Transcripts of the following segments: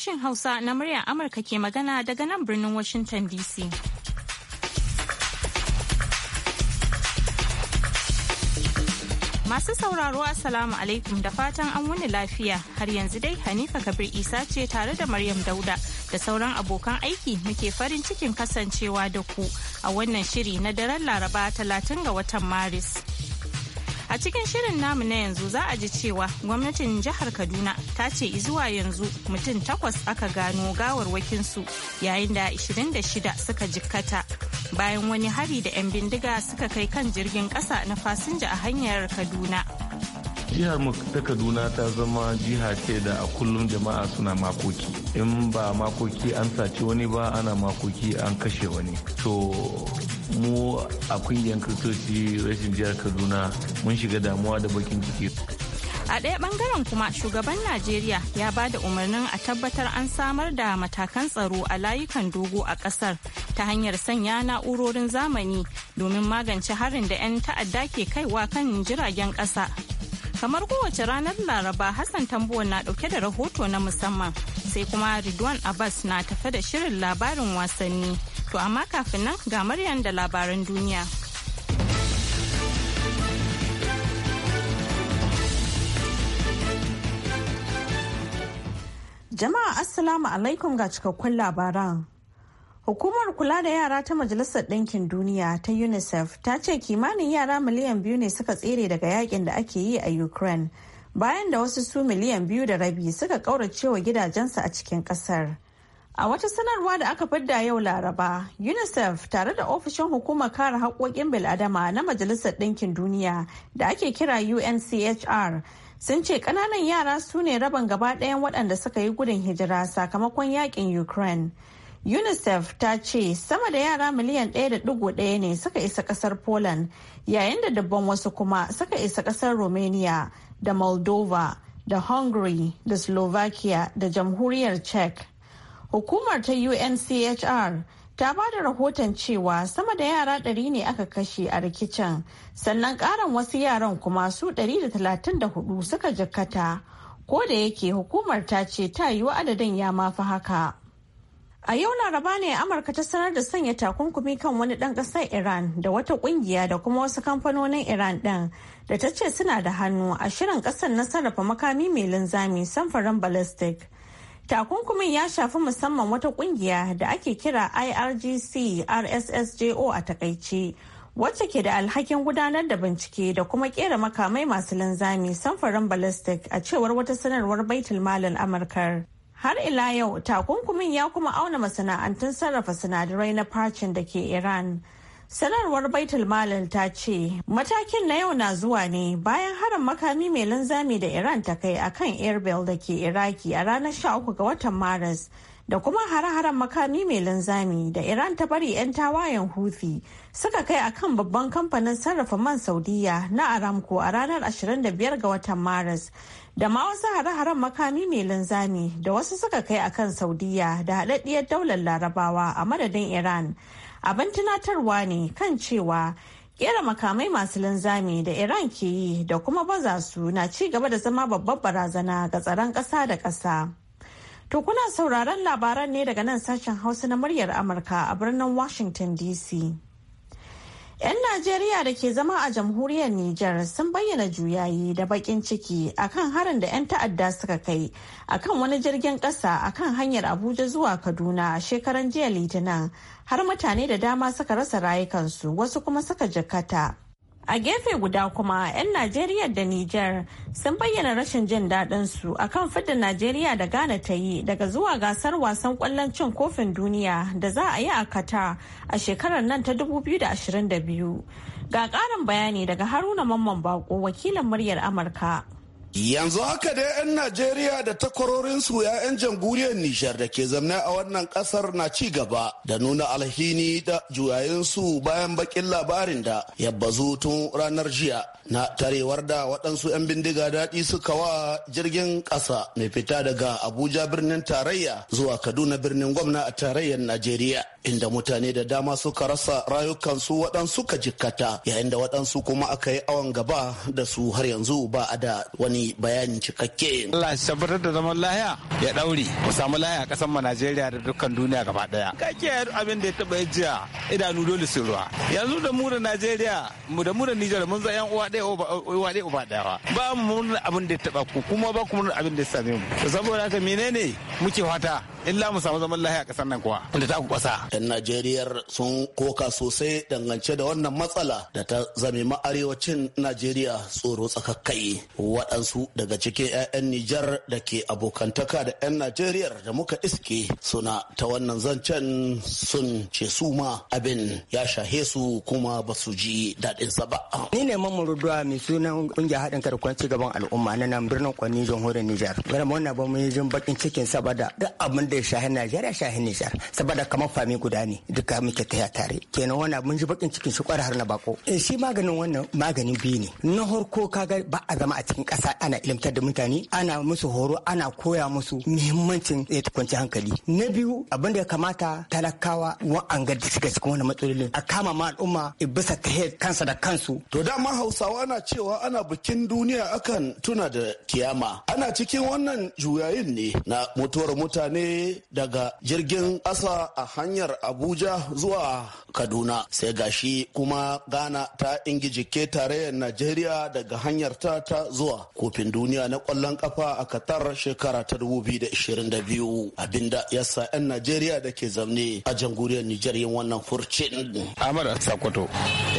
sashen Hausa na murya Amurka ke magana daga nan birnin Washington DC. Masu sauraro Assalamu alaikum da fatan an wuni lafiya har yanzu dai Hanifa Kabir Isa ce tare da Maryam Dauda da sauran abokan aiki muke farin cikin kasancewa da ku a wannan shiri na daren Laraba 30 ga watan Maris. A cikin shirin namu na yanzu za a ji cewa gwamnatin jihar Kaduna ta ce izuwa yanzu mutum takwas aka gano gawarwakinsu yayin da 26 suka jikkata bayan wani hari da 'yan bindiga suka kai kan jirgin ƙasa na fasinja a hanyar Kaduna. jihar mu ta kaduna ta zama jiha ce da a kullum jama'a suna makoki in ba makoki an saci wani ba ana makoki an kashe wani to mu a kungiyar kristoci rashin jihar kaduna mun shiga damuwa da bakin ciki a ɗaya ɓangaren kuma shugaban najeriya ya ba da umarnin a tabbatar an samar da matakan tsaro a layukan dogo a ƙasar ta hanyar sanya na'urorin zamani domin magance harin da 'yan ta'adda ke kaiwa kan jiragen ƙasa Kamar kowace ranar Laraba Hassan Tambuwa na dauke da rahoto na musamman sai kuma Ridwan Abbas na tafe da shirin labarin wasanni. To amma kafin nan ga Maryam da labaran duniya. Jama'a Assalamu alaikum ga cikakkun labaran. Hukumar kula da yara ta Majalisar Ɗinkin Duniya ta UNICEF ta ce kimanin yara miliyan biyu ne suka tsere daga yakin da ake yi a Ukraine bayan da wasu su miliyan biyu da rabi suka kauracewa gidajensu a cikin ƙasar. A wata sanarwa da aka fidda yau Laraba, UNICEF tare da ofishin hukumar kare haƙoƙin bil'adama na Majalisar Ɗinkin Duniya da ake kira UNCHR sun ce ƙananan yara su ne rabin gaba ɗayan waɗanda suka yi gudun hijira sakamakon yakin Ukraine. UNICEF ta ce sama da yara miliyan 1.1 ne suka isa kasar Poland yayin da dabban wasu kuma suka isa kasar Romania da Moldova da Hungary da Slovakia da Jamhuriyar Czech. Hukumar ta UNCHR ta ba da rahoton cewa sama da yara 100 ne aka kashe a rikicin sannan karan wasu yaran kuma su 134 suka jikkata. Ko da yake hukumar ta ce ta yi wa adadin ya mafi haka. A yau laraba ne Amurka ta sanar da sanya takunkumi kan wani ɗan ƙasar Iran da wata ƙungiya da kuma wasu kamfanonin Iran ɗin da ta ce suna da hannu a shirin ƙasar na sarrafa makami mai linzami samfarin ballistic. Takunkumin ya shafi musamman wata ƙungiya da ake kira IRGC RSSJO a takaice. wacce ke da alhakin gudanar da bincike da kuma kera makamai masu linzami samfarin ballistic a cewar wata sanarwar baitul malin amurkar Har ila yau takunkumin ya kuma auna masana'antun sarrafa sinadarai na facin da ke Iran. Sanarwar Baitul Malal ta ce matakin na yau na zuwa ne bayan harin makami mai linzami da Iran ta kai akan Airbel da ke Iraki a ranar 13 ga watan Maris da kuma hare-haren makami mai linzami da Iran ta bari 'yan tawayen Houthi suka kai akan babban kamfanin sarrafa man Saudiya na Aramco a ranar 25 ga watan Maris da ma wasu hare-haren makami mai linzami da wasu suka kai a kan saudiya da haɗaɗɗiyar daular larabawa a madadin iran abin tunatarwa ne kan cewa kera makamai masu linzami da iran ke yi da kuma baza su na ci gaba da zama babbar barazana ga tsaron ƙasa da ƙasa to kuna sauraron labaran ne daga nan sashen hausa na muryar amurka a birnin washington dc 'Yan Najeriya da ke zama a jamhuriyar Nijar sun bayyana juyayi da bakin ciki akan harin da 'yan ta'adda suka kai akan wani jirgin ƙasa akan hanyar Abuja zuwa Kaduna a shekaran jiya Litinin har mutane da dama suka rasa rayukansu wasu kuma suka jikata A gefe guda kuma 'yan Najeriya da Nijar sun bayyana rashin jin daɗin su akan fidda Najeriya da Ghana ta yi daga zuwa gasar wasan ƙwallon cin kofin duniya da za a yi a kata a shekarar nan ta 2022. Ga ƙarin bayani daga Haruna Mamman Bako wakilin muryar Amurka. Yanzu haka dai 'yan Najeriya da takwarorinsu 'ya'yan jamhuriyar Nijar da ke zamne a wannan ƙasar na ci gaba da nuna alhini da juyayinsu bayan bakin labarin da ya bazu tun ranar jiya na tarewar da waɗansu 'yan bindiga daɗi suka wa jirgin ƙasa mai fita daga Abuja birnin tarayya zuwa Kaduna birnin gwamna a tarayyar Najeriya. inda mutane da dama suka rasa rayukansu waɗansu ka jikkata yayin da waɗansu kuma aka yi awon gaba da su har yanzu ba a da wani bayani cikakke. Allah ya tabbatar da zaman lahiya ya ɗaure mu samu lahiya ƙasar mu Najeriya da dukkan duniya gaba ɗaya. Kake abin da ya taɓa jiya idanu dole su ruwa. Yanzu da mu da Najeriya mu da mu da Nijar mun za 'yan uwa ɗaya uwa ɗaya uba ɗaya ba mu murna abin da ya taɓa ku kuma ba ku mun abin da ya same mu. Saboda haka menene muke fata illa mu samu zaman lahiya a ƙasar nan kuwa. Inda ta ku ƙasa 'Yan Najeriyar sun koka sosai dangance da wannan matsala da ta zame ma arewacin Najeriya tsoro tsakakkai. Waɗansu daga cikin 'ya'yan Nijar da ke abokantaka da 'yan Najeriyar da muka iske suna ta wannan zancen sun ce su ma abin ya shahe su kuma ba su ji sa ba. Ni ne mamuruduwa mai sunan ƙungiyar haɗin karkon gaban al'umma na nan birnin Kwani jamhuriyar Nijar. Gara wannan ba mu yi jin bakin cikin saboda duk abin da ya shahe Najeriya shahe Nijar. Saboda kamar fami guda ne duka muke taya tare kenan wani mun ji bakin cikin shi kwara har na bako eh, shi maganin wannan maganin biyu ne na harko kaga ba a zama a cikin kasa ana ilimtar da mutane ana musu horo ana koya musu muhimmancin ya kwanci hankali na biyu abinda ya kamata talakawa wa'anga da shiga cikin wani matsalolin a kama ma al'umma bisa ta kansa da kansu to dama hausawa na cewa ana bikin duniya akan tuna da kiyama ana cikin wannan juyayin ne na mutuwar mutane daga jirgin ƙasa a hanyar hanyar Abuja zuwa Kaduna. Sai gashi kuma Ghana ta ingijike tarayyar Najeriya daga hanyar ta ta zuwa kofin duniya na kwallon kafa a Qatar shekara ta 2022 abinda ya sa 'yan Najeriya da ke zamne a jamhuriyar Nijar yin wannan furcin. Ahmad Sakoto.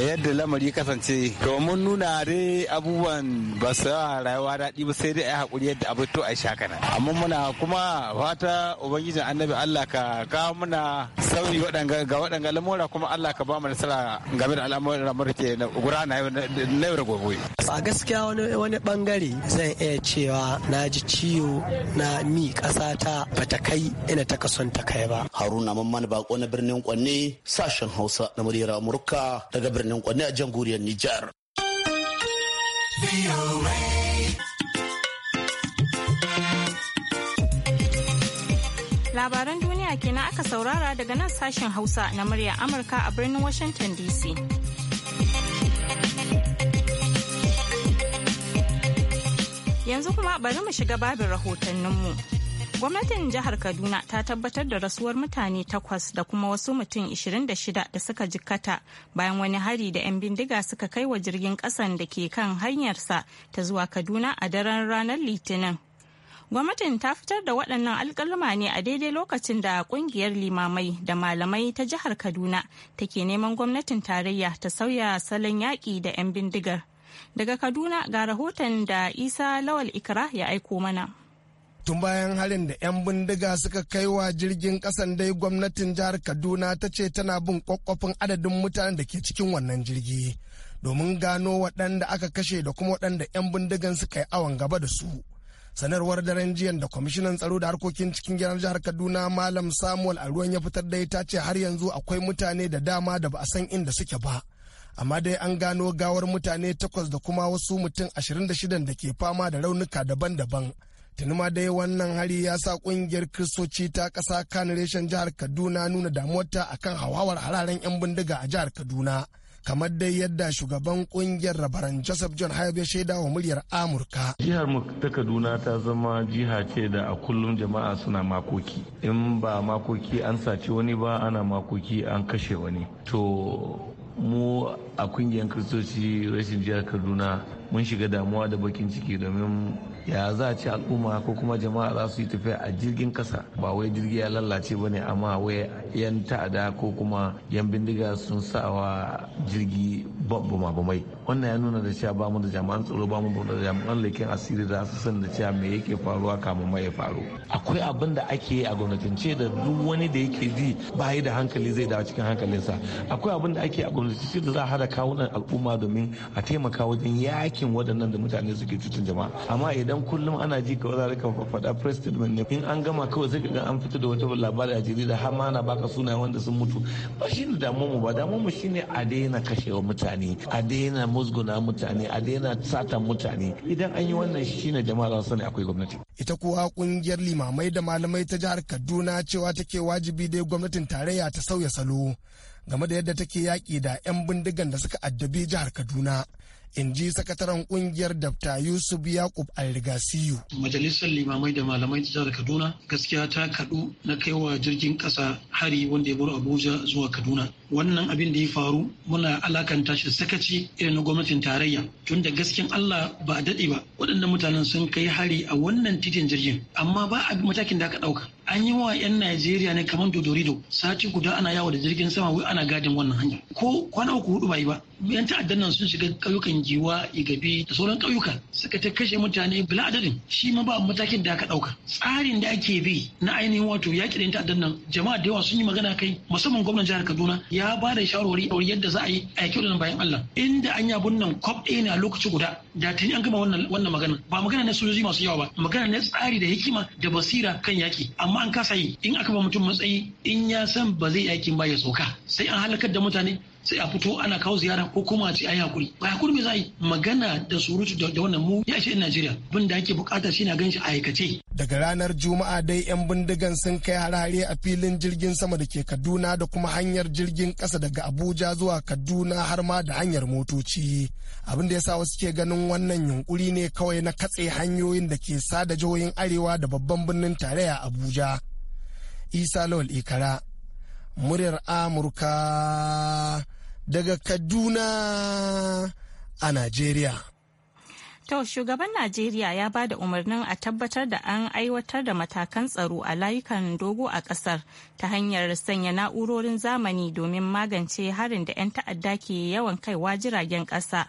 yadda lamari kasance domin nuna dai abubuwan ba su rayuwa daɗi ba sai dai a yi haƙuri yadda abu to a shakana. Amma muna kuma fata Ubangijin Annabi Allah ka kawo muna launi ga waɗanga lamura kuma Allah ka ba mu nasara game da al'amuran da muke gurana na yau da gobe. A gaskiya wani bangare zan iya cewa na ji ciwo na mi ƙasa ta bata kai ina ta kason ta kai ba. Haruna Mamman Bako na birnin Kwanne sashen Hausa na muryar Amurka daga birnin Kwanne a jamhuriyar Nijar. Labaran Duniya kenan aka saurara daga nan sashen Hausa na murya Amurka a birnin Washington DC. Yanzu kuma bari mu shiga babin rahotanninmu. Gwamnatin jihar Kaduna ta tabbatar da rasuwar mutane takwas da kuma wasu mutum 26 da suka jikkata bayan wani hari da 'yan bindiga suka kai wa jirgin kasan da ke kan hanyarsa ta zuwa Kaduna a daren ranar Litinin Gwamnatin ta fitar da waɗannan alƙaluma ne a daidai lokacin da ƙungiyar limamai da malamai ta jihar Kaduna take neman gwamnatin tarayya ta sauya salon yaƙi da 'yan bindigar. Daga Kaduna ga rahoton da Isa Lawal Ikra ya aiko mana. tun bayan harin da 'yan bindiga suka kai wa jirgin kasan dai gwamnatin jihar kaduna ta ce tana bin kwakwafin adadin mutanen da ke cikin wannan jirgi domin gano waɗanda aka kashe da kuma waɗanda 'yan bindigan suka yi awon gaba da su sanarwar daren jiyan da kwamishinan tsaro da harkokin cikin gidan jihar kaduna malam samuel aruwan ya fitar da ita ce har yanzu akwai mutane da dama da ba a san inda suke ba amma dai an gano gawar mutane takwas da kuma wasu mutum 26 da ke fama da raunuka daban-daban tuni ma dai wannan hari ya sa kungiyar kristoci ta kasa kan reshen jihar kaduna nuna damuwarta akan hawawar hararen 'yan bindiga a jihar kaduna kamar dai yadda shugaban kungiyar rabaran joseph john hayab ya shaida wa muryar amurka jihar mu ta kaduna ta zama jiha ce da a kullum jama'a suna makoki in ba makoki an saci wani ba ana makoki an kashe wani to mu a kungiyar kristoci rashin jihar kaduna mun shiga damuwa da bakin ciki domin ya za a ce al'umma ko kuma jama'a za su yi tafiya a jirgin kasa ba wai jirgi ya lalace ba ne amma wai yan ta'ada ko kuma yan bindiga sun sa wa jirgi babu mabamai wannan ya nuna da cewa ba mu da jami'an tsaro ba da jami'an leken asiri da su san da cewa me yake faruwa kamun ma ya faru akwai abin da ake yi a gwamnatance da duk wani da yake ji ba yi da hankali zai dawo cikin hankalinsa akwai abin da ake a gwamnatance da za a hada kawunan al'umma domin a taimaka wajen yaki hakkin waɗannan da mutane suke cutar jama'a amma idan kullum ana ji kawai za ka faɗa press statement ne in an gama kawai sai ga an fito da wata labari a jarida har ma ana baka suna wanda sun mutu ba shi ne damuwa mu ba damuwa mu shine a daina kashewa mutane a daina musguna mutane a daina sata mutane idan an yi wannan ne jama'a za su sani akwai gwamnati ita kuwa kungiyar limamai da malamai ta jihar Kaduna cewa take wajibi dai gwamnatin tarayya ta sauya salo game da yadda take yaƙi da 'yan bindigan da suka addabi jihar Kaduna in ji sakataren kungiyar dafta yusuf yakub alrigasiyu majalisar limamai da malamai jihar kaduna gaskiya ta kadu na kaiwa jirgin kasa hari wanda ya bar abuja zuwa kaduna wannan abin da ya faru muna alakanta shi sakaci irin na gwamnatin tarayya tun da gaskiyan allah ba a daɗe ba waɗannan mutanen sun kai hari a wannan titin jirgin amma ba a matakin da aka ɗauka an yi wa 'yan najeriya ne kamar dodorido sati guda ana yawo da jirgin sama wai ana gadin wannan hanya ko kwana uku hudu bai ba yan ta'addan nan sun shiga ƙauyukan giwa igabi da sauran ƙauyuka suka ta kashe mutane bila adadin shi ma ba matakin da aka ɗauka tsarin da ake bi na ainihin wato yaƙi da yan ta'addan nan jama'a da yawa sun yi magana kai musamman gwamnan jihar kaduna ya ba da shawarwari a yadda za a yi a yaƙi wannan bayan allah inda an yabun nan kwaf ɗaya ne a lokaci guda da tuni an gama wannan magana ba magana na sojoji masu yawa ba magana na tsari da hikima da basira kan yaƙi amma an kasa yi in aka ba mutum matsayi in ya san ba zai aikin ba ya sauka sai an halakar da mutane sai a fito ana kawo ziyara ko kuma a ce ai hakuri ba hakuri me za yi magana da surutu da wannan mu ya ce Najeriya bin da ake bukata shi na ganshi a aikace daga ranar juma'a dai yan bindigan sun kai harare a filin jirgin sama da ke Kaduna da kuma hanyar jirgin kasa daga Abuja zuwa Kaduna har ma da hanyar motoci abin da yasa wasu ke ganin wannan yunkuri ne kawai na katse hanyoyin da ke sada jihohin arewa da babban birnin tarayya Abuja Isa Lawal Ikara muryar Amurka daga Kaduna a Najeriya. To shugaban Najeriya ya ba da umarnin a tabbatar da an aiwatar da matakan tsaro a layukan dogo a ƙasar ta hanyar sanya na'urorin zamani domin magance harin da 'yan ta'adda ke yawan kaiwa jiragen ƙasa.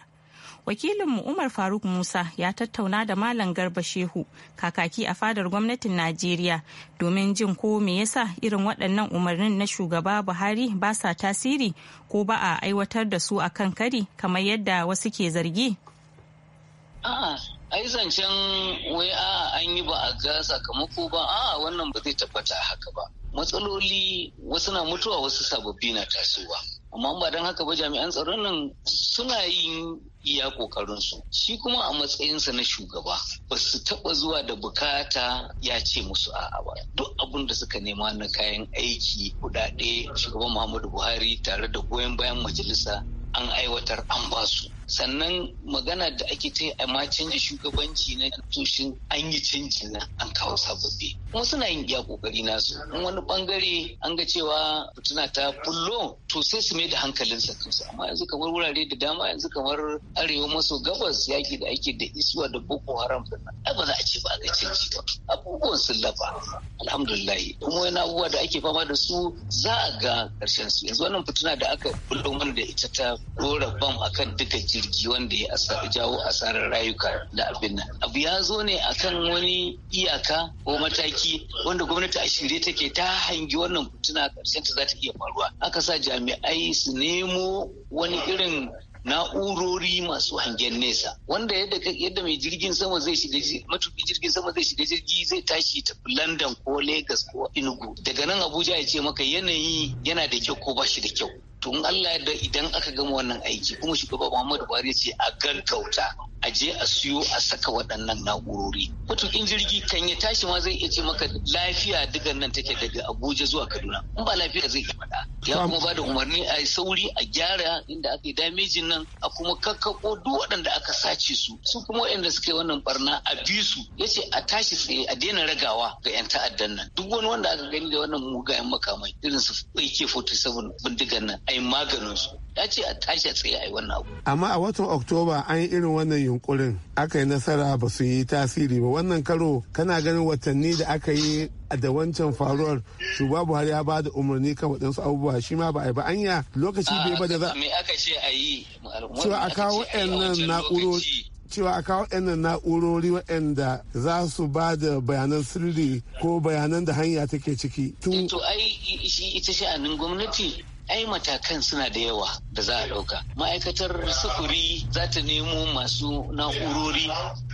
wakilinmu umar faruk musa ya tattauna da malam garba shehu kakaki a fadar gwamnatin najeriya domin jin ko me yasa irin waɗannan umarnin na shugaba buhari ba sa tasiri ko ba a aiwatar da su akan kari kamar yadda wasu ke zargi a'a ai zancen wai a an yi ba a ga sakamako ba a'a wannan ba zai tabbata haka ba matsaloli wasu na mutuwa wasu sababbi na tasowa amma ba don haka ba jami'an tsaron nan suna yin iya kokarin su shi kuma a matsayinsa na shugaba ba su taba zuwa da bukata ya ce musu a'a ba duk abin da suka nema na kayan aiki kudade shugaban muhammadu buhari tare da goyon bayan majalisa an aiwatar an basu sannan magana da ake ta a ma canji shugabanci na tushen an yi canji na an kawo sababbi kuma suna yin iya kokari nasu in wani bangare an ga cewa fituna ta bullo to sai su mai da hankalin sa kansu amma yanzu kamar wurare da dama yanzu kamar arewa maso gabas yaki da ake da isuwa da boko haram da ba za a ce ba ga canji ba abubuwan sun lafa alhamdulillah kuma wani abubuwa da ake fama da su za a ga karshen su yanzu wannan fituna da aka bullo mana da ita ta dora bam akan duka jirgi wanda ya jawo asarar rayuka da abin nan abu ya zo ne akan wani iyaka ko mataki wanda gwamnati a shirye take ta hangi wannan kutuna karshen ta za ta iya faruwa aka sa jami'ai su nemo wani irin na'urori masu hangen nesa wanda yadda mai jirgin sama zai shiga matuƙi jirgin sama zai shiga jirgi zai tashi ta London ko Lagos ko Inugu. daga nan Abuja ya ce maka yanayi yana da kyau ko ba shi da kyau to in Allah da idan aka gama wannan aiki kuma shugaba Muhammadu Buhari ce a gaggauta a je a siyo a saka waɗannan na'urori matukin jirgi kan ya tashi ma zai iya ce maka lafiya duka nan take daga Abuja zuwa Kaduna in ba lafiya zai iya faɗa ya kuma ba da umarni a yi sauri a gyara inda aka yi damejin nan a kuma kakkako duk waɗanda aka sace su su kuma waɗanda suka yi wannan barna a bi su ya ce a tashi tsaye a daina ragawa ga 'yan ta'addan nan duk wani wanda aka gani da wannan mugayen makamai irin su AK-47 bindigan nan a yi maganin su ya ce a tashi a tsaye a yi wannan abu. Amma a watan Oktoba an yi irin wannan yunkurin aka yi nasara ba su yi tasiri ba wannan karo kana ganin watanni da aka yi da wancan faruwar shugaba Buhari ya ba da umarni kan waɗansu abubuwa shi ma ba a yi ba anya lokaci bai ba da za. Me aka ce a yi? Cewa a kawo waɗannan na'urori. cewa a kawo nan na'urori waɗanda za su ba da bayanan sirri ko bayanan da hanya take ciki. Eh, to ai ita sha'anin gwamnati ai matakan suna da yawa da za a ɗauka ma'aikatar sufuri za ta nemo masu na'urori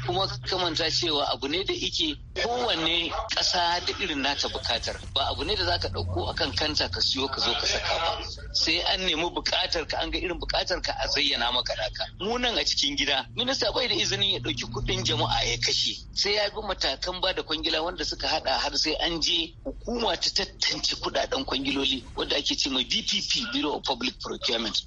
kuma kamanta cewa abu ne da ike kowanne ƙasa da irin nata bukatar ba abu ne da za ka ɗauko kan kanta ka siyo ka zo ka saka ba sai an nemi bukatar ka an ga irin bukatar ka a zayyana maka daka mu nan a cikin gida minista bai da izinin ya ɗauki kuɗin jama'a ya kashe sai ya bi matakan ba da kwangila wanda suka haɗa har sai an je hukuma ta tantance kuɗaɗen kwangiloli wanda ake ce ma BPP Bureau of Public Procurement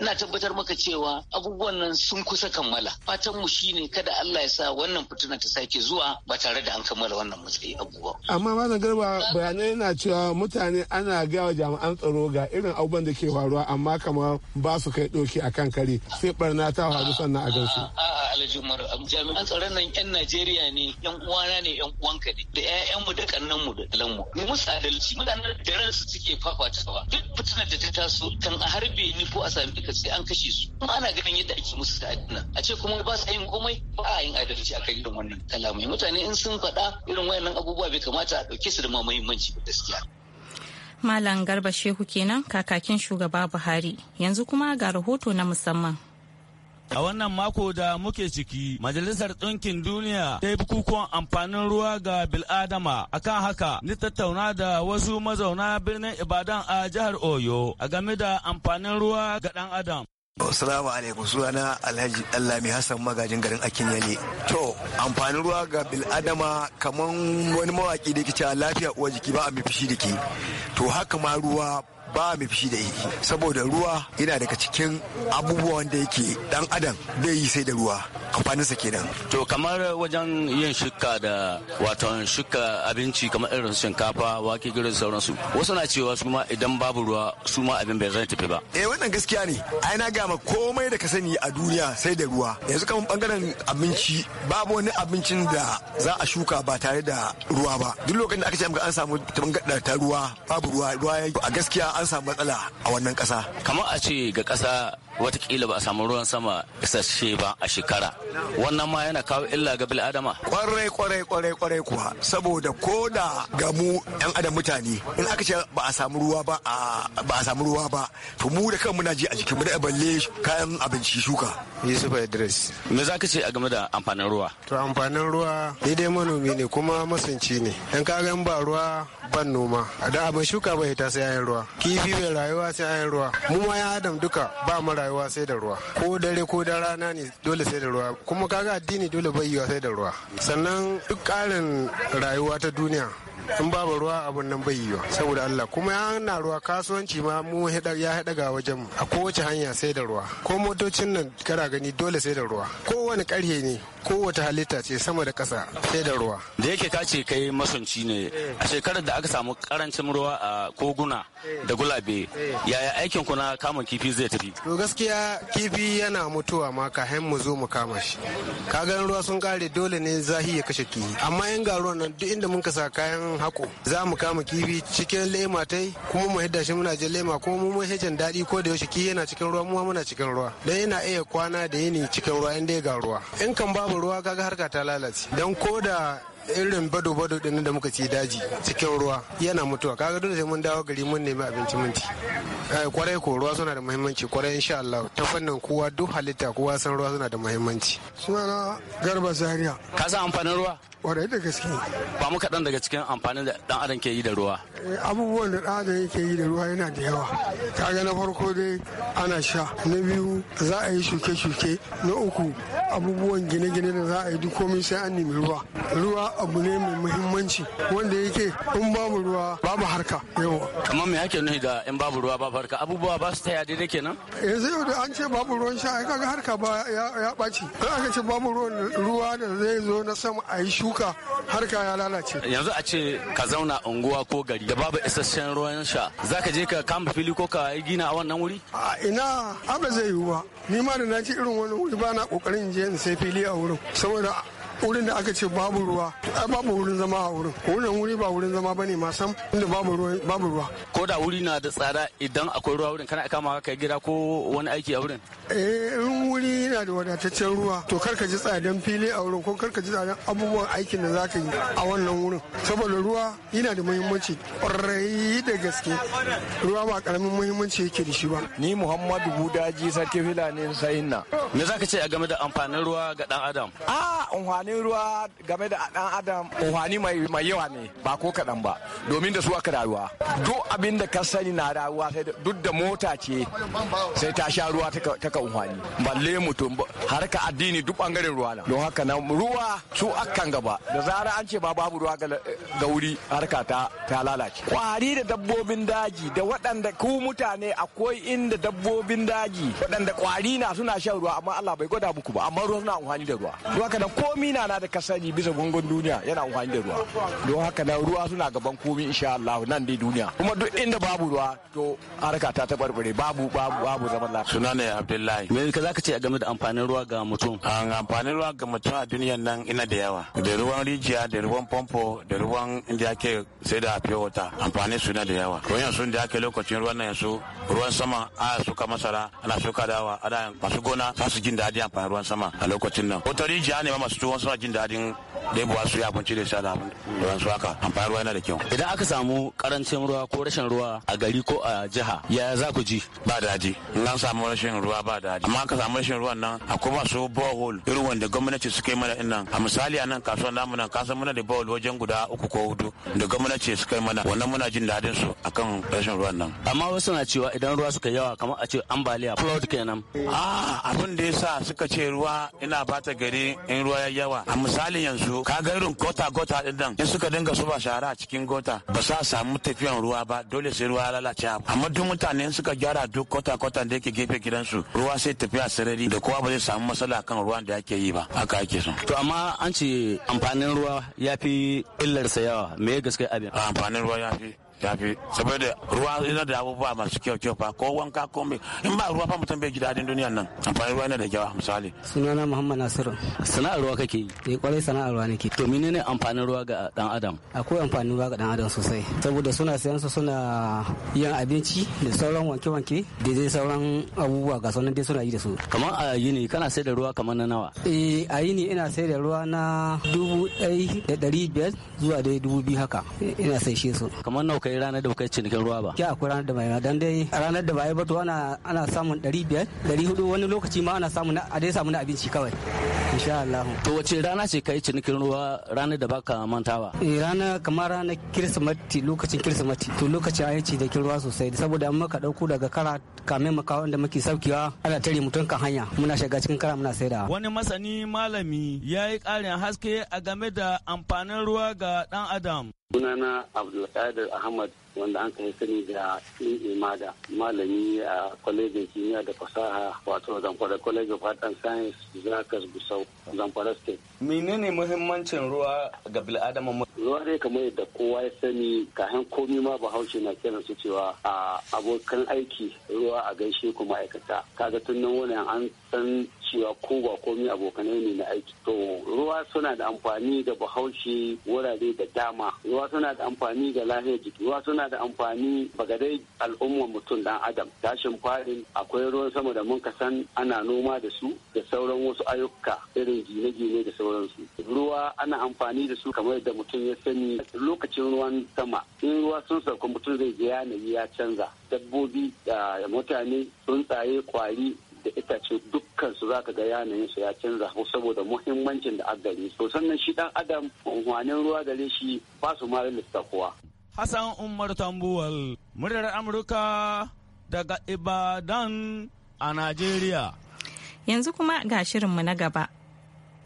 ina tabbatar maka cewa abubuwan nan sun kusa kammala fatan mu shine kada Allah ya sa wannan fitina ta sake zuwa ba tare da an kammala wannan matsayi abubuwa. Amma na Garba bayanai na cewa mutane ana gawa jami'an tsaro ga irin abubuwan da ke faruwa amma kamar ba su kai doki a kan kare sai barna ta faru sannan a gansu. A'a Alhaji Umar jami'an tsaron nan 'yan Najeriya ne 'yan uwana ne 'yan uwanka ne da 'ya'yanmu da kannanmu da ɗalanmu. Mu musu adalci mutanen da ransu suke fafatawa duk fitina da ta taso kan a harbe ni ko a sami ka sai an kashe su. Kuma ana ganin yadda ake musu ta'adina a ce kuma ba su yin komai ba a yin adalci a kan irin wannan kalamai mutane in sun faɗa irin wayannan abubuwa bai kamata a ɗauki su da ma muhimmanci ba gaskiya. Malam Garba Shehu kenan kakakin shugaba Buhari yanzu kuma ga rahoto na musamman. A wannan mako da muke ciki, Majalisar Ɗinkin Duniya ta yi bukukuwan amfanin ruwa ga Biladama. Akan haka, ni tattauna da wasu mazauna birnin Ibadan a jihar Oyo a game da amfanin ruwa ga ɗan Adam. Assalamu alaikum sunana Alhaji Allami Hassan magajin garin Akinyele. To amfanin ruwa ga bil'adama kamar wani mawaki da ke cewa lafiya uwa jiki ba a shi da ke. To haka ma ruwa ba mu fi da yi. saboda ruwa yana daga cikin abubuwan da yake dan adam bai yi sai da ruwa amfaninsa kenan to kamar wajen yin shuka da wato shuka abinci kamar irin shinkafa wake girin sauransu wasu na cewa su ma idan babu ruwa su ma abin bai zai tafi ba eh wannan gaskiya ne ai na gama komai da ka sani a duniya sai da ruwa yanzu kamar bangaren abinci babu wani abincin da za a shuka ba tare da ruwa ba duk lokacin da aka ce an samu ta ruwa babu ruwa ruwa a gaskiya an samu matsala a wannan ƙasa. Kamar a ce ga ƙasa watakila ba a samu ruwan sama isasshe ba a shekara wannan ma yana kawo illa ga adama kwarai kwarai kwarai kwarai kuwa saboda ko da ga mu yan adam mutane in aka ce ba a samu ruwa ba ba a samu ruwa ba to mu da kanmu na ji a jikin mu da balle kayan abinci shuka yusuf idris me za ka ce a game da amfanin ruwa to amfanin ruwa ni dai manomi ne kuma masanci ne dan ka ga ba ruwa ban noma da abin shuka bai ta sai yayin ruwa kifi mai rayuwa sai ayin ruwa mu ma ya adam duka ba mu rayuwa sai da ruwa ko dare ko da rana ne dole sai da ruwa kuma kaga addini dole bai yiwa sai da ruwa sannan duk ƙarin rayuwa ta duniya in babu ruwa abun nan bai yiwa saboda Allah kuma yana ruwa kasuwanci ma mu ya haɗa ga wajen a kowace hanya sai da ruwa ko motocin nan kana gani dole sai da ruwa kowane ƙarhe ne kowace halitta ce sama da ƙasa sai da ruwa da yake ka ce kai masunci ne a shekarar da aka samu karancin ruwa a koguna da gulabe yaya aikin ku na kamun kifi zai tafi to gaskiya kifi yana mutuwa ma hen mu zo mu kama shi ga ruwa sun kare dole ne zahi ya kashe kifi amma yan ga ruwan nan duk inda mun kasa sa kayan hako za mu kama kifi cikin lema tai kuma mu hidda shi muna jin lema kuma mu mun hijin daɗi ko da yaushe ki yana cikin ruwa mu muna cikin ruwa dan yana iya kwana da yini cikin ruwa inda ya ga ruwa in kan babu ruwa kaga harka ta lalace dan ko da irin bado-bado din da muka ci daji cikin ruwa yana mutuwa kaga dole sai mun dawo gari mun nemi abinci mun ci eh, kwarai ko ruwa suna da muhimmanci kwarai insha Allah ta fannin kowa duk halitta kowa san ruwa suna da muhimmanci sunana garba zaria ka san amfanin ruwa kwarai da gaske ba mu kaɗan daga cikin amfanin da ɗan adam ke yi da ruwa eh, abubuwan da ɗan adam yake yi da ruwa yana da yawa kaga na farko dai ana sha na biyu za a yi shuke-shuke na uku abubuwan gine-gine da za a yi duk komai sai an nemi ruwa ruwa abu ne mai muhimmanci wanda yake in babu ruwa babu harka yawa amma me ake nuhi da in babu ruwa babu harka abubuwa ba su taya daidai kenan yanzu yau da an ce babu ruwan sha ai kaga harka ba ya ɓaci in aka ce babu ruwa da zai zo na sama a yi shu duka harka ya lalace yanzu a ce ka zauna unguwa ko gari da babu isasshen ruwan sha zaka je ka kama fili ko ka yi gina a wannan wuri a ina abu zai yiwu ba ni ma da na ci irin wani wuri ba na kokarin je in sai fili a wurin saboda wurin da aka ce babu ruwa babu wurin zama a wurin wurin wuri ba wurin zama bane ma sam inda babu ruwa babu ruwa ko da wuri na da tsada idan akwai ruwa wurin kana kama kai gida ko wani aiki a wurin eh in wuri yana da wadataccen ruwa to kar ka ji tsadan fili a wurin ko kar ka ji tsadan abubuwan aikin da zaka yi a wannan wurin saboda ruwa yana da muhimmanci ƙwarai da gaske ruwa ba karamin muhimmanci yake da shi ba ni muhammadu budaji sarki filani sahinna me zaka ce a game da amfanin ruwa ga dan adam ah amfanin amfanin ruwa game da dan adam ohani mai yawa ne ba ko kaɗan ba domin da su aka rayuwa duk abin da ka sani na rayuwa sai duk da mota ce sai ta sha ruwa ta ka ohani balle mutum harka addini duk bangaren ruwa na don haka nan ruwa su akan gaba da zara an ce ba babu ruwa ga wuri harka ta ta lalace kwari da dabbobin daji da waɗanda ku mutane akwai inda dabbobin daji waɗanda kwari na suna shan ruwa amma Allah bai gwada muku ba amma ruwa suna ohani da ruwa don haka nan komi ina na da kasani bisa gungun duniya yana amfani da ruwa don haka na ruwa suna gaban komi insha Allah nan dai duniya kuma duk inda babu ruwa to harka ta tabarbare babu babu babu zaman lafiya suna ne Abdullahi me ka zaka ce a game da amfanin ruwa ga mutum an ah, amfanin ruwa ga mutum a duniyan nan ina da yawa da ruwan rijiya da ruwan pompo da ruwan inda yake sai da pure water amfanin suna da yawa ko yanzu inda yake lokacin ruwan nan yanzu ruwan sama a suka masara ana suka dawa ana masu gona za su jin daɗi amfanin ruwan sama a lokacin nan wata rijiya ne ma masu tuwon suna jin daɗin ɗebuwa su yi abinci da sha da su haka amfani ruwa yana da kyau. Idan aka samu karancin ruwa ko rashin ruwa a gari ko a jiha ya za ku ji? Ba daji. In an samu rashin ruwa ba daji. Amma aka samu rashin ruwan nan akwai masu borehole irin wanda gwamnati suka yi mana in nan. A misali a nan kasuwar namu nan kasan muna da borehole wajen guda uku ko hudu da gwamnati suka yi mana wannan muna jin daɗin su akan rashin ruwan nan. Amma wasu na cewa idan ruwa suka yawa kamar a ce ambaliya flood kenan. Ah abin da ya sa suka ce ruwa ina bata gari in ruwa ya yawa yawa a misalin yanzu ka ga irin gota gota din nan in suka dinga zuba shara a cikin gota ba sa samu tafiyan ruwa ba dole sai ruwa ya lalace amma duk mutane in suka gyara duk gota gota da yake gefe gidansu ruwa sai tafiya sarari da kowa ba zai samu matsala kan ruwan da ake yi ba haka ake so to amma an ce amfanin ruwa ya fi illarsa yawa me gaskiya abin amfanin ruwa ya fi tafi saboda ruwa yana da abubuwa masu kyau kyau fa ko wanka ko me in ba ruwa fa mutum bai ji daɗin duniyan nan amfani ruwa yana da kyau misali sunana muhammad nasiru sana'ar ruwa kake yi eh kwarai sana'ar ruwa nake to menene amfanin ruwa ga dan adam akwai amfanin ruwa ga dan adam sosai saboda suna sayan su suna yin abinci da sauran wanke-wanke da dai sauran abubuwa ga sauran dai suna yi da su kamar a yi ne kana sai da ruwa kamar na nawa eh a ne ina sai da ruwa na dubu ɗari da ɗari biyar zuwa dai dubu biyu haka ina sai shi su kamar nawa kai ranar da kai cinikin ruwa ba. Ki akwai ranar da bai dan dai ranar da bai ba to ana ana samun 500 400 wani lokaci ma ana samun a dai samu na abinci kawai. Insha Allah. To wace rana ce kai cinikin ruwa ranar da baka mantawa? Eh rana kamar ranar Kirsimati lokacin Kirsimati to lokacin ayi cinikin ruwa sosai saboda an maka dauko daga kara kamin makawa da muke saukiwa ana tare mutun kan hanya muna shiga cikin kara muna saida. Wani masani malami ya yi ƙarin haske a game da amfanin ruwa ga ɗan adam. sunana abdulkadir ahmad wanda an kai sani da in imada malami a kwalejin kimiyya da fasaha wato zamfara college of art and science zakas gusau zamfara state menene muhimmancin ruwa ga bil'adama ruwa dai kamar yadda kowa ya sani kayan komi ma bahaushe na kiran su cewa a abokan aiki ruwa a gaishe ku ma'aikata kaga tun nan wani an san cewa ko ba komi abokanai ne na aiki to ruwa suna da amfani da bahaushe wurare da dama ruwa suna da amfani ga lahiyar jiki ruwa suna da amfani dai al'ummar mutum dan adam tashin farin akwai ruwan sama da mun san ana noma da su da sauran wasu ayyuka irin gine-gine da sauransu ruwa ana amfani da su kamar da mutum ya sani lokacin ruwan sama in ruwa sun sauka mutum zai je yanayi ya canza dabbobi da mutane tsuntsaye kwari da itace dukkan su zaka ga yanayin su ya canza ko saboda muhimmancin da aka gare sannan shi dan adam unhwanin ruwa gare shi ba su ma kowa. Hassan Umar Tambuwal muryar Amurka daga Ibadan a Najeriya. Yanzu kuma ga shirin mu na gaba.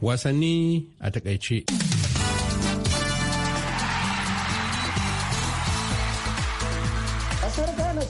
Wasanni a takaice.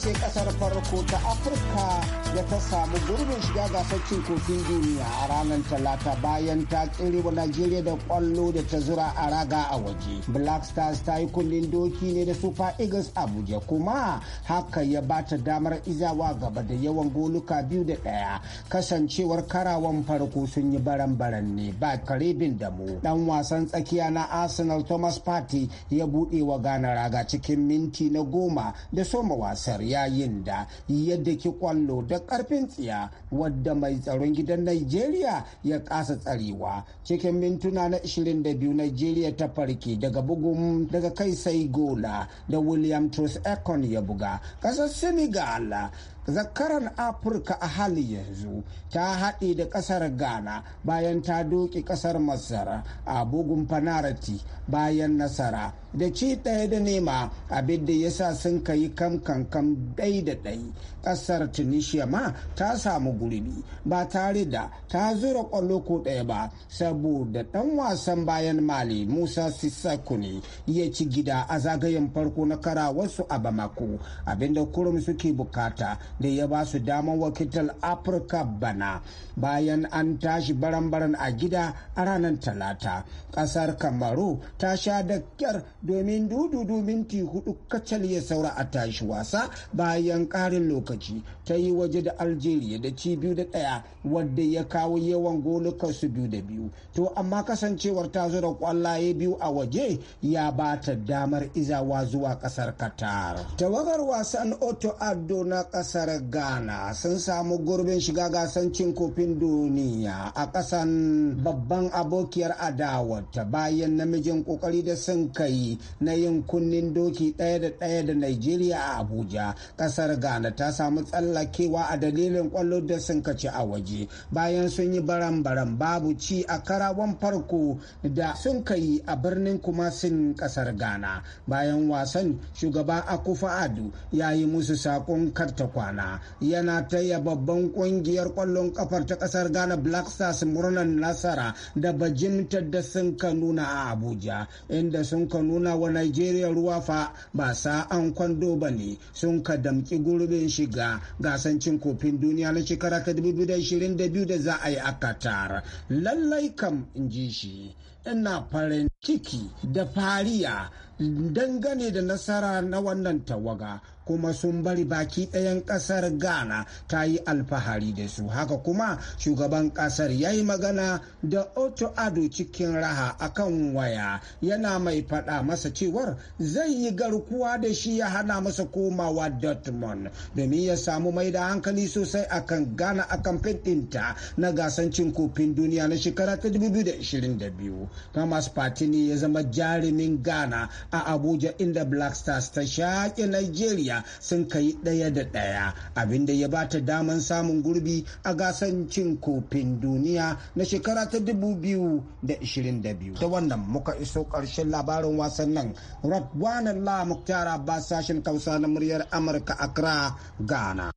ce kasar farko ta afirka da ta samu gurbin shiga gasar cin kofin duniya a ranar talata bayan ta wa najeriya da kwallo da ta zura a raga a waje black stars ta yi kullin doki ne da super eagles abuja kuma haka ya ba ta damar izawa gaba da yawan goluka biyu da daya kasancewar karawan farko sun yi baran-baran ne ba karebin damu dan wasan tsakiya na arsenal thomas party ya buɗe wa gana raga cikin minti na goma da soma wasar yayin da yadda ki kwallo da karfin tsiya wadda mai tsaron gidan Najeriya ya kasa tsarewa cikin mintuna na 22 Najeriya ta farke daga bugun daga kai sai gola da William Truss Ekon ya buga kasar Senegal zakarar afirka a hali yanzu ta haɗe da ƙasar ghana bayan ta doke ƙasar masara a bugun fanarati bayan nasara da ci ɗaya da nema abin da ya sa sun ka yi kankan ɗai da ɗai ƙasar tunisia ma ta samu gurbi ba tare da ta zura ƙwallo ko ɗaya ba saboda ɗan wasan bayan mali musa sissaku ne ya ci gida a zagayen farko na karawarsu a bamako abinda kurum suke bukata da ya ba su damar wakiltar afirka bana bayan an tashi baran-baran a gida a ranar talata kasar kamaru ta sha da kyar domin dududu minti hudu kacal ya saura a tashi wasa bayan karin lokaci ta yi waje da algeria da ci biyu da daya wadda ya kawo yawan golukan su biyu da biyu to amma kasancewar ta da kwallaye biyu a waje ya ba ta damar izawa zuwa kasar qatar tawagar wasan oto addo na kasar ghana sun samu gurbin shiga gasan cin kofi kofin duniya a ƙasan babban abokiyar adawarta bayan namijin ƙoƙari da sun kai na yin kunnin doki ɗaya da ɗaya da Najeriya a Abuja. Ƙasar Ghana ta samu tsallakewa a dalilin ƙwallo da sun kaci a waje bayan sun yi baran-baran babu ci a karawan farko da sun kai a birnin Kumasin ƙasar Ghana. Bayan wasan shugaba Akufa Adu ya yi musu saƙon karta kwana yana taya babban ƙungiyar ƙwallon ƙafar ta kasar ghana black stars murnar nasara da bajimtar da sun ka nuna a abuja inda sun ka nuna wa nigeria ruwa fa ba sa an kwando ba ne sun ka damki gurbin shiga gasan cin kofin duniya na shekara ta 2022 da za a yi a qatar lallai kam in ji shi ina farin ciki da fariya dangane da nasara na wannan tawaga kuma sun bari baki ɗayan ƙasar ghana ta yi alfahari da su haka kuma shugaban ƙasar ya yi magana da otu ado cikin raha akan waya yana mai faɗa masa cewar zai yi garkuwa da shi ya hana masa komawa dortmund domin ya samu mai da hankali sosai akan ghana a kamfen ɗinta na gasar cin kofin duniya na shekara ta 2022 thomas patini ya zama jarumin ghana a abuja inda black stars ta shaƙe nigeria sun kai ɗaya da ɗaya abinda ya bata daman samun gurbi a gasan cin kofin duniya na shekara ta 2022 ta wannan muka iso ƙarshen labarin wasannin radwanan la muktar abbas sashen kausa na muryar amurka accra ghana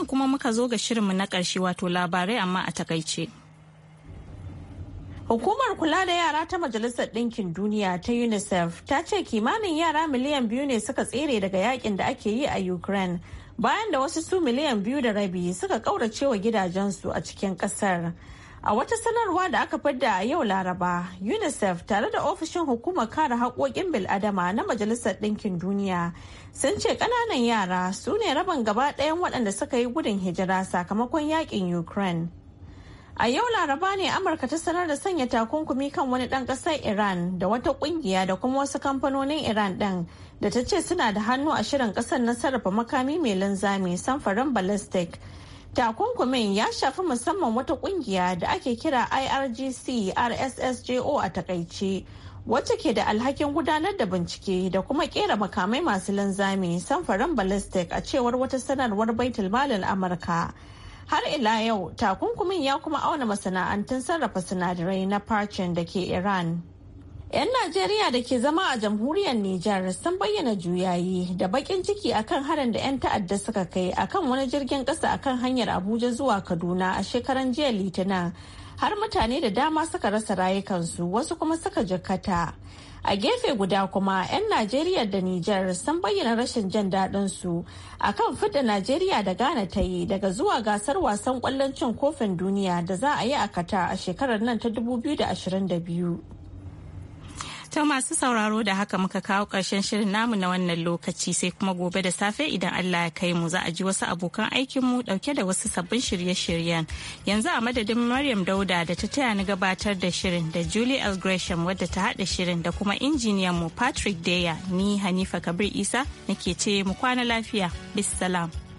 nan kuma muka zo ga shirinmu na ƙarshe wato labarai amma a takaice. Hukumar kula da yara ta Majalisar Ɗinkin Duniya ta UNICEF ta ce kimanin yara miliyan biyu ne suka tsere daga yakin da ake yi a Ukraine bayan da wasu su miliyan biyu da rabi suka kauracewa gidajensu a cikin ƙasar. A wata sanarwa da aka fadda a yau Laraba, UNICEF tare da ofishin hukumar kare haƙoƙin bil'adama na Majalisar Ɗinkin Duniya sun ce ƙananan yara su ne rabin gaba ɗayan waɗanda suka yi gudun hijira sakamakon yaƙin Ukraine. A yau Laraba ne Amurka ta sanar da sanya takunkumi kan wani ɗan ƙasar Iran da wata ƙungiya da kuma wasu kamfanonin Iran ɗin da ta ce suna da hannu a shirin ƙasar na sarrafa makami mai linzami samfarin ballistic Takunkumin ya shafi musamman wata kungiya da ake kira IRGC RSSJO a takaice. wacce ke da alhakin gudanar da bincike da kuma kera makamai masu linzami samfarin ballistic a cewar wata sanarwar baitul malin amurka har ila yau takunkumin ya kuma auna masana'antun sarrafa sinadarai na parchin da ke iran 'Yan Najeriya da ke zama a jamhuriyar Nijar sun bayyana juyayi da bakin ciki akan harin da 'yan ta'adda suka kai akan wani jirgin ƙasa akan hanyar Abuja zuwa Kaduna a shekaran jiya Litinin. Har mutane da dama suka rasa rayukansu wasu kuma suka jakata A gefe guda kuma 'yan Najeriya da Nijar sun bayyana rashin jan daɗin su akan fidda Najeriya da Ghana ta yi daga zuwa gasar wasan kwallon cin kofin duniya da za a yi a Kata a shekarar nan ta 2022. ta masu sauraro da haka muka kawo ƙarshen shirin namu na wannan lokaci sai kuma gobe da safe idan Allah ya kai mu za a ji wasu abokan aikinmu ɗauke da wasu sabbin shirye-shiryen. Yanzu a madadin Maryam Dauda da ta taya ni gabatar da shirin da Julie L. Gresham wadda ta haɗa shirin da kuma injiniyan mu Patrick Deya ni Hanifa Kabir Isa nake ce mu kwana lafiya. Bis salam.